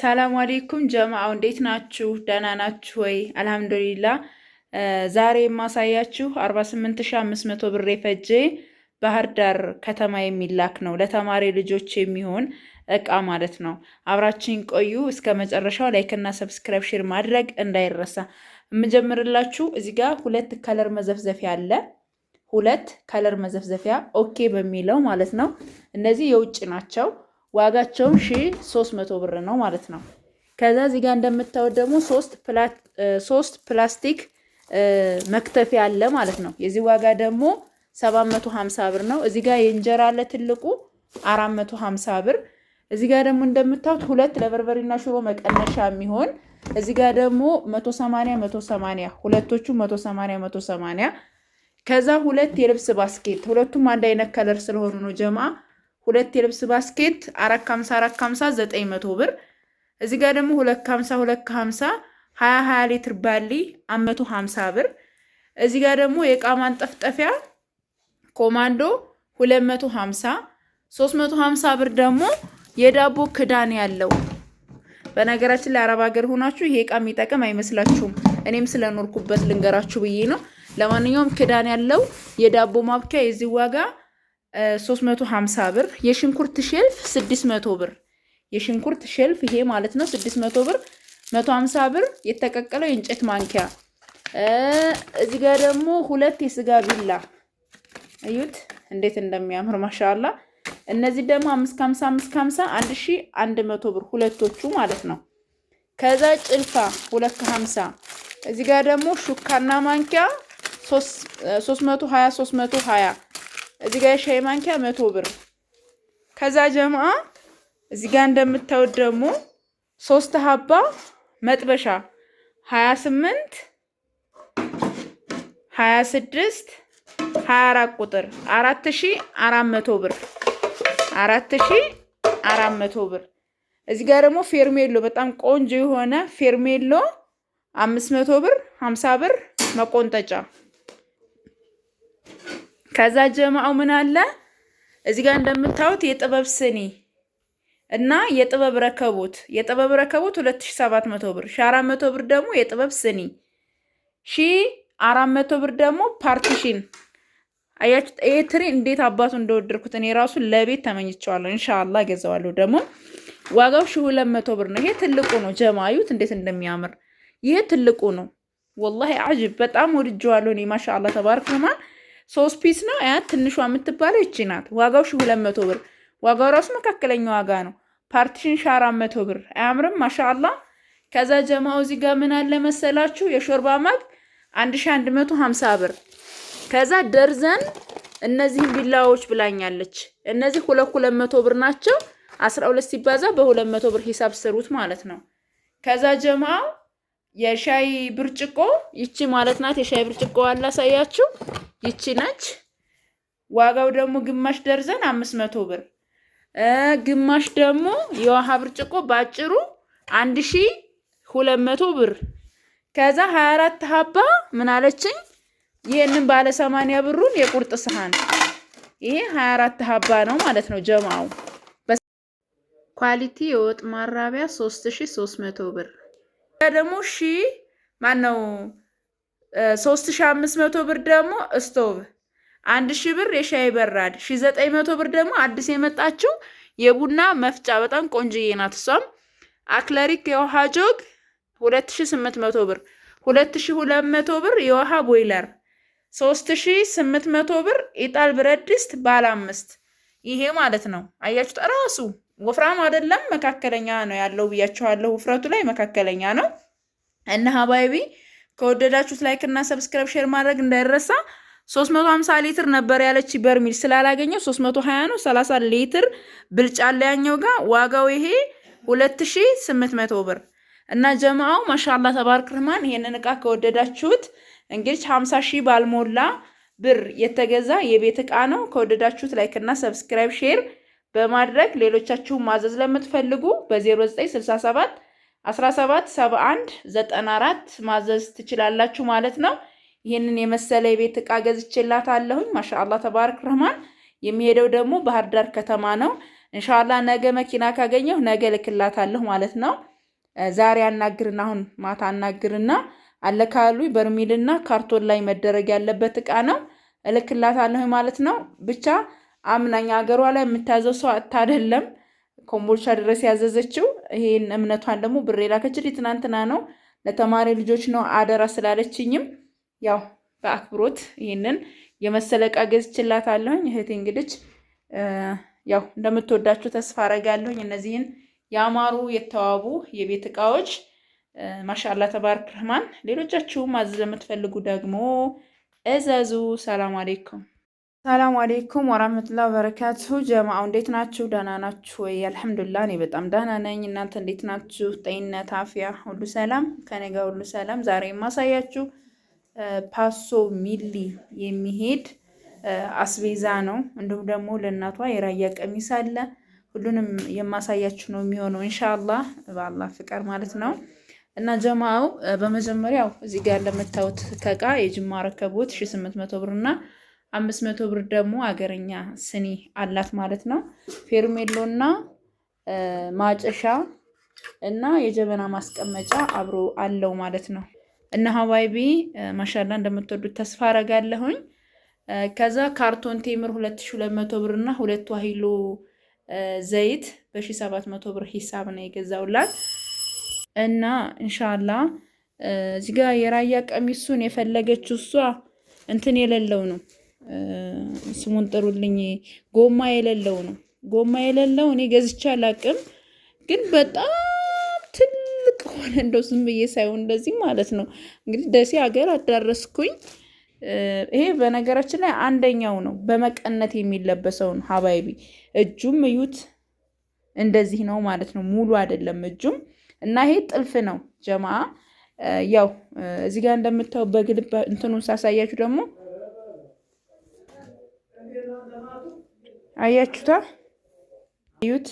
ሰላም አሌይኩም ጀማአው እንዴት ናችሁ? ደህና ናችሁ ወይ? አልሐምዱሊላ። ዛሬ የማሳያችሁ 48500 ብር የፈጀ ባህር ዳር ከተማ የሚላክ ነው ለተማሪ ልጆች የሚሆን እቃ ማለት ነው። አብራችን ቆዩ እስከ መጨረሻው። ላይክና ሰብስክራይብ፣ ሼር ማድረግ እንዳይረሳ። የምጀምርላችሁ እዚህ ጋር ሁለት ከለር መዘፍዘፊያ አለ። ሁለት ከለር መዘፍዘፊያ ኦኬ በሚለው ማለት ነው። እነዚህ የውጭ ናቸው። ዋጋቸውም ሺ መቶ ብር ነው ማለት ነው። ከዛ እዚህ ጋር እንደምታዩት ደግሞ ሶስት ፕላስቲክ መክተፊያ አለ ማለት ነው። የዚህ ዋጋ ደግሞ 750 ብር ነው። እዚህ ጋር የእንጀራ አለ ትልቁ 450 ብር። እዚህ ጋር ደግሞ እንደምታዩት ሁለት ለበርበሬና ሽሮ መቀነሻ የሚሆን እዚህ ጋር ደግሞ 180 180 ሁለቶቹ 180 180 ከዛ ሁለት የልብስ ባስኬት ሁለቱም አንድ አይነት ከለር ስለሆኑ ነው ጀማ ሁለት የልብስ ባስኬት አራት ከሀምሳ አራት ከሀምሳ ዘጠኝ መቶ ብር። እዚህ ጋር ደግሞ ሁለት ከሀምሳ ሁለት ከሀምሳ ሀያ ሀያ ሊትር ባሊ አምስት መቶ ሀምሳ ብር። እዚህ ጋር ደግሞ የእቃ ማንጠፍጠፊያ ኮማንዶ ሁለት መቶ ሀምሳ ሶስት መቶ ሀምሳ ብር ደግሞ የዳቦ ክዳን ያለው በነገራችን ላይ አረብ ሀገር ሆናችሁ ይሄ እቃ የሚጠቅም አይመስላችሁም። እኔም ስለኖርኩበት ልንገራችሁ ብዬ ነው። ለማንኛውም ክዳን ያለው የዳቦ ማብኪያ የዚህ ዋጋ 350 ብር፣ የሽንኩርት ሼልፍ 600 ብር። የሽንኩርት ሼልፍ ይሄ ማለት ነው 600 ብር። 150 ብር የተቀቀለው የእንጨት ማንኪያ። እዚህ ጋር ደግሞ ሁለት የስጋ ቢላ እዩት እንዴት እንደሚያምር ማሻአላ። እነዚህ ደግሞ 550 550 1100 ብር ሁለቶቹ ማለት ነው። ከዛ ጭልፋ 250 እዚህ ጋር ደግሞ ሹካና ማንኪያ 320 320 እዚህ ጋር የሻይ ማንኪያ መቶ ብር። ከዛ ጀማ እዚህ ጋር እንደምታዩት ደግሞ ሶስት ሀባ መጥበሻ ሀያ ስምንት ሀያ ስድስት ሀያ አራት ቁጥር አራት ሺ አራት መቶ ብር አራት ሺ አራት መቶ ብር። እዚህ ጋር ደግሞ ፌርሜሎ በጣም ቆንጆ የሆነ ፌርሜሎ አምስት መቶ ብር ሀምሳ ብር መቆንጠጫ ከዛ ጀማው ምን አለ እዚህ ጋር እንደምታዩት የጥበብ ስኒ እና የጥበብ ረከቦት የጥበብ ረከቦት 2700 ብር፣ 1400 ብር ደግሞ የጥበብ ስኒ፣ 1400 ብር ደግሞ ፓርቲሽን። አያችሁ ይሄ ትሪ እንዴት አባቱ እንደወደድኩት እኔ ራሱ ለቤት ተመኝቸዋለሁ። ኢንሻአላህ ገዛዋለሁ። ደግሞ ዋጋው 200 ብር ነው። ይሄ ትልቁ ነው። ጀማዩት እንዴት እንደሚያምር ይሄ ትልቁ ነው። ወላሂ አጅብ በጣም ወድጀዋለሁ እኔ ማሻአላህ ተባረክ። ሶስት ፒስ ነው ያ ትንሿ የምትባለው ይቺ ናት። ዋጋው ሺ ሁለት መቶ ብር ዋጋው ራሱ መካከለኛ ዋጋ ነው። ፓርቲሽን ሺ አራት መቶ ብር አያምርም? ማሻአላ ከዛ ጀማው እዚህ ጋር ምን አለ መሰላችሁ የሾርባ ማግ አንድ ሺ አንድ መቶ ሀምሳ ብር ከዛ ደርዘን እነዚህን ቢላዎች ብላኛለች። እነዚህ ሁለት ሁለት መቶ ብር ናቸው። አስራ ሁለት ሲባዛ በሁለት መቶ ብር ሂሳብ ስሩት ማለት ነው። ከዛ ጀማው የሻይ ብርጭቆ ይቺ ማለት ናት። የሻይ ብርጭቆ አላሳያችሁ፣ ይቺ ነች። ዋጋው ደግሞ ግማሽ ደርዘን አምስት መቶ ብር፣ ግማሽ ደግሞ የውሃ ብርጭቆ በአጭሩ አንድ ሺ ሁለት መቶ ብር። ከዛ ሀያ አራት ሀባ ምን አለችኝ? ይህንን ባለ ሰማንያ ብሩን የቁርጥ ሰሃን ይሄ ሀያ አራት ሀባ ነው ማለት ነው። ጀማው ኳሊቲ የወጥ ማራቢያ ሶስት ሺ ሶስት መቶ ብር ደግሞ ሺ ማን ነው ሶስት ሺ አምስት መቶ ብር ደግሞ ስቶቭ አንድ ሺ ብር የሻይ በራድ ሺ ዘጠኝ መቶ ብር ደግሞ አዲስ የመጣችው የቡና መፍጫ በጣም ቆንጅዬ ናት። እሷም አክለሪክ የውሃ ጆግ ሁለት ሺ ስምንት መቶ ብር ሁለት ሺ ሁለት መቶ ብር የውሃ ቦይለር ሶስት ሺ ስምንት መቶ ብር ኢጣል ብረት ድስት ባለ አምስት ይሄ ማለት ነው። አያችሁ ጠራሱ ወፍራም አይደለም መካከለኛ ነው ያለው ብያችኋለሁ። ውፍረቱ ላይ መካከለኛ ነው እና ሀባይቢ ከወደዳችሁት ላይክ እና ሰብስክራይብ ሼር ማድረግ እንዳይረሳ። 350 ሊትር ነበር ያለች በርሚል ስላላገኘው 320 ነው። 30 ሊትር ብልጫ አለ ያኛው ጋር ዋጋው ይሄ 2800 ብር እና ጀማው ማሻላ ተባርክ ረህማን። ይሄንን እቃ ከወደዳችሁት እንግዲህ 50 ሺህ ባልሞላ ብር የተገዛ የቤት እቃ ነው። ከወደዳችሁት ላይክ እና ሰብስክራይብ ሼር በማድረግ ሌሎቻችሁን ማዘዝ ለምትፈልጉ በ0967 177194 ማዘዝ ትችላላችሁ ማለት ነው። ይህንን የመሰለ የቤት እቃ ገዝቼላት አለሁኝ። ማሻአላ ተባረክ ረህማን። የሚሄደው ደግሞ ባህር ዳር ከተማ ነው። እንሻላ ነገ መኪና ካገኘሁ ነገ እልክላታለሁ ማለት ነው። ዛሬ አናግርና አሁን ማታ አናግርና አለካሉ በርሚልና ካርቶን ላይ መደረግ ያለበት እቃ ነው እልክላታለሁ ማለት ነው ብቻ አምናኝ ሀገሯ ላይ የምታያዘው ሰው አታደለም ኮምቦልቻ ድረስ ያዘዘችው። ይሄን እምነቷን ደግሞ ብር የላከችልኝ ትናንትና ነው። ለተማሪ ልጆች ነው አደራ ስላለችኝም ያው በአክብሮት ይህንን የመሰለ ዕቃ ገዝቼላታለሁኝ። እህቴ እንግዲህ ያው እንደምትወዳችሁ ተስፋ አረጋለሁኝ። እነዚህን የአማሩ የተዋቡ የቤት እቃዎች ማሻላ ተባርክ ረህማን። ሌሎቻችሁም ማዘዝ ለምትፈልጉ ደግሞ እዘዙ። ሰላም አሌይኩም ሰላም አሌይኩም ወራህመቱላ በረካቱ ጀማው እንዴት ናችሁ? ደህና ናችሁ ወይ? አልሐምዱላ እኔ በጣም ደህና ነኝ። እናንተ እንዴት ናችሁ? ጤንነት፣ አፍያ ሁሉ ሰላም ከኔ ጋር ሁሉ ሰላም። ዛሬ የማሳያችሁ ፓሶ ሚሊ የሚሄድ አስቤዛ ነው። እንዲሁም ደግሞ ለእናቷ የራያ ቀሚስ አለ። ሁሉንም የማሳያችሁ ነው የሚሆነው እንሻላ በአላህ ፍቃድ ማለት ነው። እና ጀማው በመጀመሪያው እዚህ ጋር ለምታዩት ከቃ የጅማ ረከቦት 1800 ብር አምስት መቶ ብር ደግሞ አገረኛ ስኒ አላት ማለት ነው። ፌርሜሎ እና ማጨሻ እና የጀበና ማስቀመጫ አብሮ አለው ማለት ነው። እና ሀዋይቢ ማሻላ እንደምትወዱት ተስፋ አረጋለሁኝ። ከዛ ካርቶን ቴምር 2200 ብር እና ሁለት ዋሂሎ ዘይት በ1700 ብር ሂሳብ ነው የገዛውላት እና እንሻላ እዚጋ የራያ ቀሚሱን የፈለገችው እሷ እንትን የሌለው ነው ስሙን ጥሩልኝ። ጎማ የሌለው ነው። ጎማ የሌለው እኔ ገዝቼ አላቅም፣ ግን በጣም ትልቅ ሆነ። እንደው ዝም ብዬ ሳይሆን እንደዚህ ማለት ነው። እንግዲህ ደሴ ሀገር አዳረስኩኝ። ይሄ በነገራችን ላይ አንደኛው ነው። በመቀነት የሚለበሰው ነው ሀባይቢ። እጁም እዩት እንደዚህ ነው ማለት ነው። ሙሉ አይደለም እጁም እና ይሄ ጥልፍ ነው ጀማ። ያው እዚህ ጋር እንደምታዩ እንትኑን ሳሳያችሁ ደግሞ አያችሁታ ዩት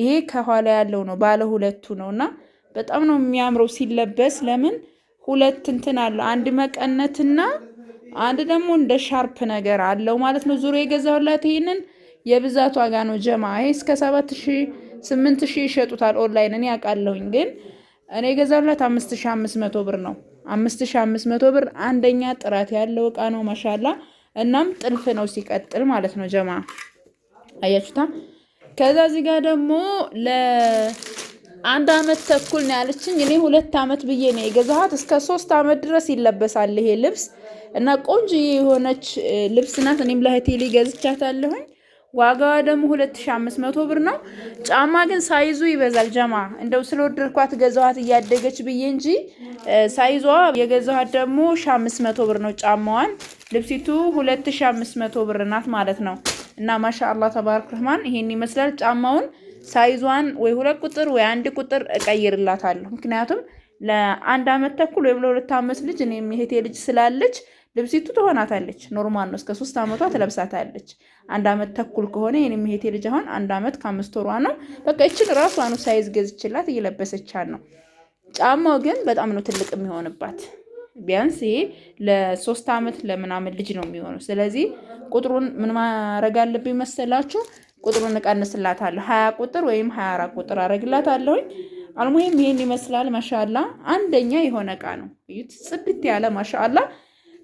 ይሄ ከኋላ ያለው ነው ባለ ሁለቱ ነው እና በጣም ነው የሚያምረው ሲለበስ። ለምን ሁለት እንትን አለው አንድ መቀነትና አንድ ደግሞ እንደ ሻርፕ ነገር አለው ማለት ነው። ዙሮ የገዛሁላት ይሄንን የብዛት ዋጋ ነው ጀማ። ይሄ እስከ ሰባት ሺህ ስምንት ሺ ይሸጡታል ኦንላይን። እኔ ያውቃለሁኝ ግን እኔ የገዛሁላት አምስት ሺ አምስት መቶ ብር ነው። አምስት ሺ አምስት መቶ ብር አንደኛ ጥራት ያለው እቃ ነው። ማሻላ እናም ጥልፍ ነው ሲቀጥል ማለት ነው ጀማ አያችሁታ። ከዛ እዚህ ጋር ደግሞ ለአንድ አመት ተኩል ነው ያለችኝ። እኔ ሁለት አመት ብዬ ነው የገዛኋት። እስከ ሶስት አመት ድረስ ይለበሳል ይሄ ልብስ እና ቆንጆ የሆነች ልብስ ናት። እኔም ለእህቴ ገዝቻታለሁኝ። ዋጋዋ ደግሞ 2500 ብር ነው። ጫማ ግን ሳይዙ ይበዛል። ጀማ እንደው ስለወደድኳት ገዛኋት እያደገች ብዬ እንጂ ሳይዟ የገዛኋት ደግሞ 500 ብር ነው ጫማዋን። ልብሲቱ 2500 ብር ናት ማለት ነው። እና ማሻአላህ ተባረክ ረህማን ይሄን ይመስላል። ጫማውን ሳይዟን ወይ ሁለት ቁጥር ወይ አንድ ቁጥር እቀይርላታለሁ። ምክንያቱም ለአንድ አመት ተኩል ወይም ለሁለት አመት ልጅ እኔም ልጅ ስላለች ልብሲቱ ትሆናታለች። ኖርማል ነው። እስከ ሶስት ዓመቷ ትለብሳታለች። አንድ ዓመት ተኩል ከሆነ ይህን ምሄቴ ልጅ አሁን አንድ ዓመት ከአምስት ወሯ ነው። በቃ ይችን ራሷኑ ሳይዝ ገዝችላት እየለበሰቻት ነው። ጫማው ግን በጣም ነው ትልቅ የሚሆንባት። ቢያንስ ይሄ ለሶስት ዓመት ለምናምን ልጅ ነው የሚሆነው። ስለዚህ ቁጥሩን ምን ማድረግ አለብኝ መሰላችሁ? ቁጥሩን እቀንስላታለሁ። ሀያ ቁጥር ወይም ሀያ አራት ቁጥር አረግላታለሁኝ። አልሙሄም ይሄን ይመስላል። ማሻላ አንደኛ የሆነ እቃ ነው። እዩት፣ ጽድት ያለ ማሻላ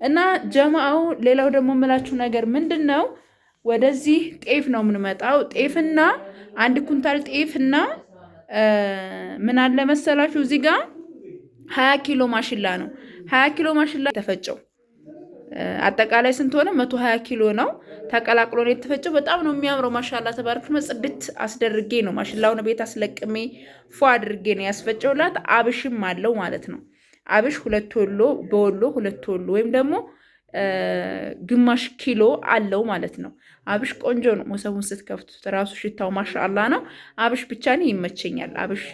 እና ጀማአው ሌላው ደግሞ የምላችሁ ነገር ምንድን ነው፣ ወደዚህ ጤፍ ነው የምንመጣው። ጤፍና አንድ ኩንታል ጤፍና ምን አለ መሰላችሁ እዚህ ጋር ሀያ ኪሎ ማሽላ ነው። ሀያ ኪሎ ማሽላ የተፈጨው አጠቃላይ ስንት ሆነ? መቶ ሀያ ኪሎ ነው ተቀላቅሎ ነው የተፈጨው። በጣም ነው የሚያምረው። ማሻላ ተባርክ መጽድት አስደርጌ ነው ማሽላውን ቤት አስለቅሜ ፎ አድርጌ ነው ያስፈጨውላት። አብሽም አለው ማለት ነው አብሽ ሁለት ወሎ በወሎ ሁለት ወሎ ወይም ደግሞ ግማሽ ኪሎ አለው ማለት ነው። አብሽ ቆንጆ ነው። ሞሰቡን ስትከፍቱት ራሱ ሽታው ማሻአላ ነው። አብሽ ብቻ እኔ ይመቸኛል። አብሽ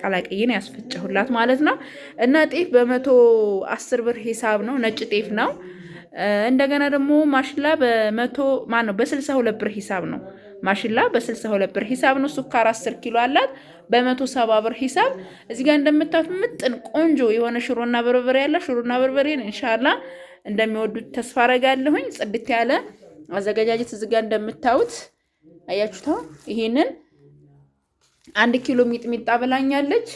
ቀላቀይን ያስፈጨሁላት ማለት ነው። እና ጤፍ በመቶ አስር ብር ሂሳብ ነው። ነጭ ጤፍ ነው። እንደገና ደግሞ ማሽላ በመቶ ማነው በስልሳ ሁለት ብር ሂሳብ ነው። ማሽላ በስልሳ ሁለት ብር ሂሳብ ነው። ሱካር አስር ኪሎ አላት። በመቶ ሰባ ብር ሂሳብ እዚህ ጋር እንደምታዩት ምጥን ቆንጆ የሆነ ሽሮና በርበሬ ያለ ሽሮና በርበሬን እንሻላ እንደሚወዱት ተስፋ አረጋለሁኝ። ጽድት ያለ አዘገጃጀት እዚህ ጋር እንደምታዩት አያችሁታ። ይሄንን አንድ ኪሎ ሚጥሚጣ ብላኛለች።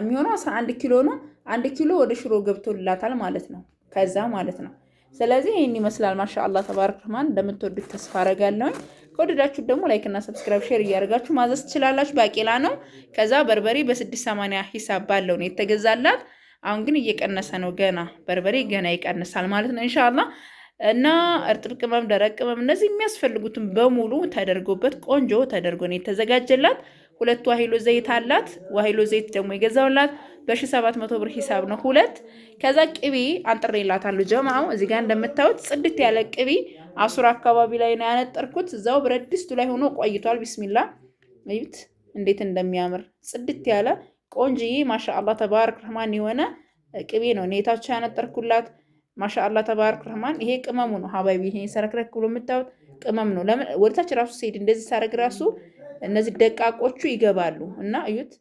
የሚሆነው አስራ አንድ ኪሎ ነው። አንድ ኪሎ ወደ ሽሮ ገብቶላታል ማለት ነው። ከዛ ማለት ነው። ስለዚህ ይህን ይመስላል። ማሻ አላህ ተባረክ ረህማን። እንደምትወዱት ተስፋ አረጋለሁኝ። ከወደዳችሁ ደግሞ ላይክ እና ሰብስክራይብ ሼር እያደርጋችሁ ማዘዝ ትችላላችሁ። ባቄላ ነው። ከዛ በርበሬ በስድስት ሰማንያ ሂሳብ ባለው ነው የተገዛላት። አሁን ግን እየቀነሰ ነው። ገና በርበሬ ገና ይቀንሳል ማለት ነው እንሻላ እና እርጥብ ቅመም፣ ደረቅ ቅመም እነዚህ የሚያስፈልጉትን በሙሉ ተደርጎበት ቆንጆ ተደርጎ ነው የተዘጋጀላት። ሁለት ዋሂሎ ዘይት አላት። ዋሂሎ ዘይት ደግሞ የገዛውላት በ1700 ብር ሂሳብ ነው ሁለት። ከዛ ቅቤ አንጥሬላታለሁ ጀማው እዚህ ጋር እንደምታዩት ጽድት ያለ ቅቤ አሱር አካባቢ ላይ ነው ያነጠርኩት። እዛው ብረት ድስቱ ላይ ሆኖ ቆይቷል። ቢስሚላ ይብት እንዴት እንደሚያምር ጽድት ያለ ቆንጅዬ ማሻአላ ተባረክ ረህማን የሆነ ቅቤ ነው ኔታቸው ያነጠርኩላት። ማሻአላ ተባረክ ረህማን። ይሄ ቅመሙ ነው ሀባይቢ። ይሄ ሰረክረክ ብሎ የምታዩት ቅመም ነው። ለምን ወደታች ራሱ ሲሄድ እንደዚህ ሳረግ ራሱ እነዚህ ደቃቆቹ ይገባሉ እና እዩት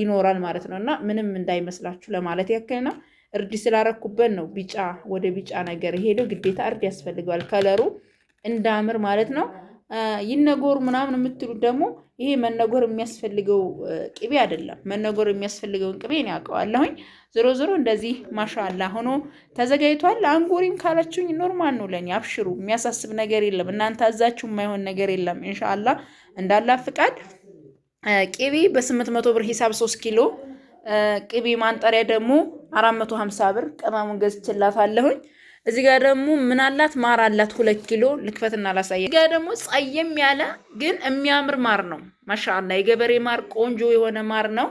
ይኖራል ማለት ነው። እና ምንም እንዳይመስላችሁ ለማለት ያክል ነው። እርድ ስላረኩበት ነው ቢጫ ወደ ቢጫ ነገር ሄደው፣ ግዴታ እርድ ያስፈልገዋል ከለሩ እንዳምር ማለት ነው። ይነጎሩ ምናምን የምትሉት ደግሞ ይሄ መነጎር የሚያስፈልገው ቅቤ አይደለም። መነጎር የሚያስፈልገውን ቅቤ እኔ አውቀዋለሁኝ። ዞሮ ዞሮ እንደዚህ ማሻላ ሆኖ ተዘጋጅቷል። አንጎሪም ካላችሁኝ ኖርማል ነው ለእኔ አብሽሩ፣ የሚያሳስብ ነገር የለም። እናንተ አዛችሁ የማይሆን ነገር የለም። እንሻላ እንዳላ ፍቃድ ቅቤ በስምንት መቶ ብር ሂሳብ ሶስት ኪሎ ቅቤ ማንጠሪያ ደግሞ 450 ብር ቅመሙን ገዝቼላታለሁኝ። እዚህ ጋር ደግሞ ምን አላት ማር አላት፣ ሁለት ኪሎ ልክፈትና አላሳየ። እዚህ ጋር ደግሞ ጸየም ያለ ግን የሚያምር ማር ነው። ማሻአላ የገበሬ ማር ቆንጆ የሆነ ማር ነው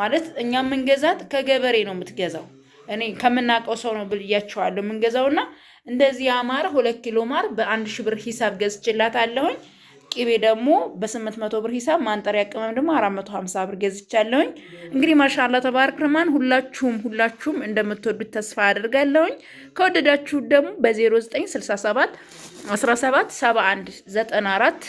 ማለት እኛ የምንገዛት ከገበሬ ነው የምትገዛው። እኔ ከምናውቀው ሰው ነው ብያቸዋለሁ የምንገዛውና እንደዚህ ያማረ ሁለት ኪሎ ማር በአንድ ሺህ ብር ሂሳብ አለሁኝ። ቅቤ ደግሞ በ800 ብር ሂሳብ ማንጠሪያ ቅመም ደግሞ 450 ብር ገዝቻለሁኝ። እንግዲህ ማሻላ ተባረክ ረህማን። ሁላችሁም ሁላችሁም እንደምትወዱት ተስፋ አድርጋለሁኝ። ከወደዳችሁ ደግሞ በ0967 17 71 94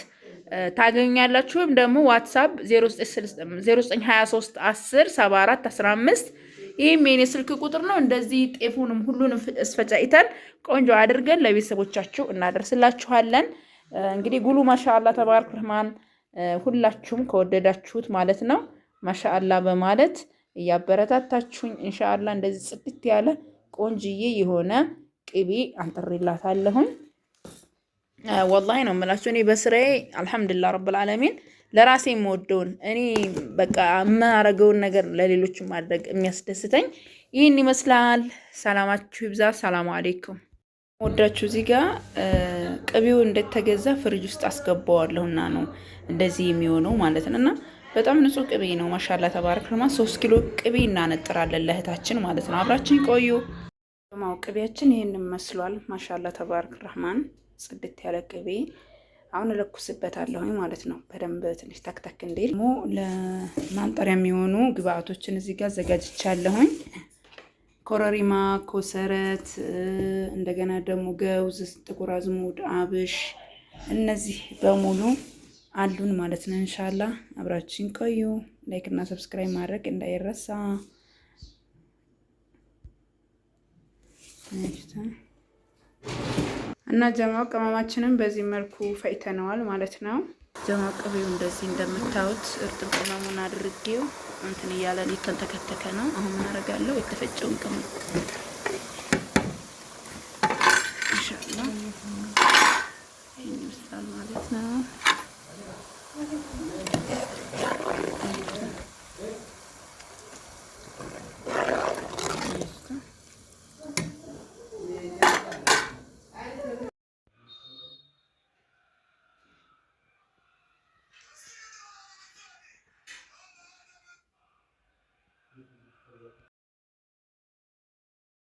ታገኛላችሁ። ወይም ደግሞ ዋትሳፕ 0923 10 74 15 ይህም የኔ ስልክ ቁጥር ነው። እንደዚህ ጤፉንም ሁሉንም ይተን ቆንጆ አድርገን ለቤተሰቦቻችሁ እናደርስላችኋለን። እንግዲህ ጉሉ ማሻአላ ተባረክ ረህማን ሁላችሁም ከወደዳችሁት ማለት ነው ማሻአላ በማለት እያበረታታችሁኝ እንሻአላ እንደዚህ ጽድት ያለ ቆንጅዬ የሆነ ቅቤ አንጥሬላታለሁኝ። ወላሂ ነው የምላችሁ። እኔ በስራዬ አልሐምዱሊላህ ረብል ዓለሚን ለራሴ የምወደውን እኔ በቃ የማረገውን ነገር ለሌሎች ማድረግ የሚያስደስተኝ ይህን ይመስላል። ሰላማችሁ ይብዛ። ሰላሙ አሌይኩም ወዳችሁ እዚህ ጋር ቅቤው እንደተገዛ ፍሪጅ ውስጥ አስገባዋለሁና ነው እንደዚህ የሚሆነው ማለት ነው። እና በጣም ንጹህ ቅቤ ነው። ማሻላ ተባረክ ረማ ሶስት ኪሎ ቅቤ እናነጥራለን ለእህታችን ማለት ነው። አብራችን ቆዩ። ማው ቅቤያችን ይህን መስሏል። ማሻላ ተባረክ ረህማን ጽድት ያለ ቅቤ አሁን እለኩስበታለሁኝ ማለት ነው። በደንብ ትንሽ ተክተክ እንዴ ደግሞ ለማንጠሪያ የሚሆኑ ግብአቶችን እዚህ ጋር አዘጋጅቻለሁኝ። ኮረሪማ፣ ኮሰረት፣ እንደገና ደግሞ ገውዝ፣ ጥቁር አዝሙድ፣ አብሽ እነዚህ በሙሉ አሉን ማለት ነው። እንሻላ አብራችን ቆዩ። ላይክ እና ሰብስክራይብ ማድረግ እንዳይረሳ። እና ጀማው ቅመማችንን በዚህ መልኩ ፈይተነዋል ማለት ነው። ጀማ ቅቤው እንደዚህ እንደምታዩት እርጥብ ቅመሙን አድርጌው እንትን እያለ ሊተንተከተከ ነው። አሁን ምን አደርጋለሁ? የተፈጨውን ቅመም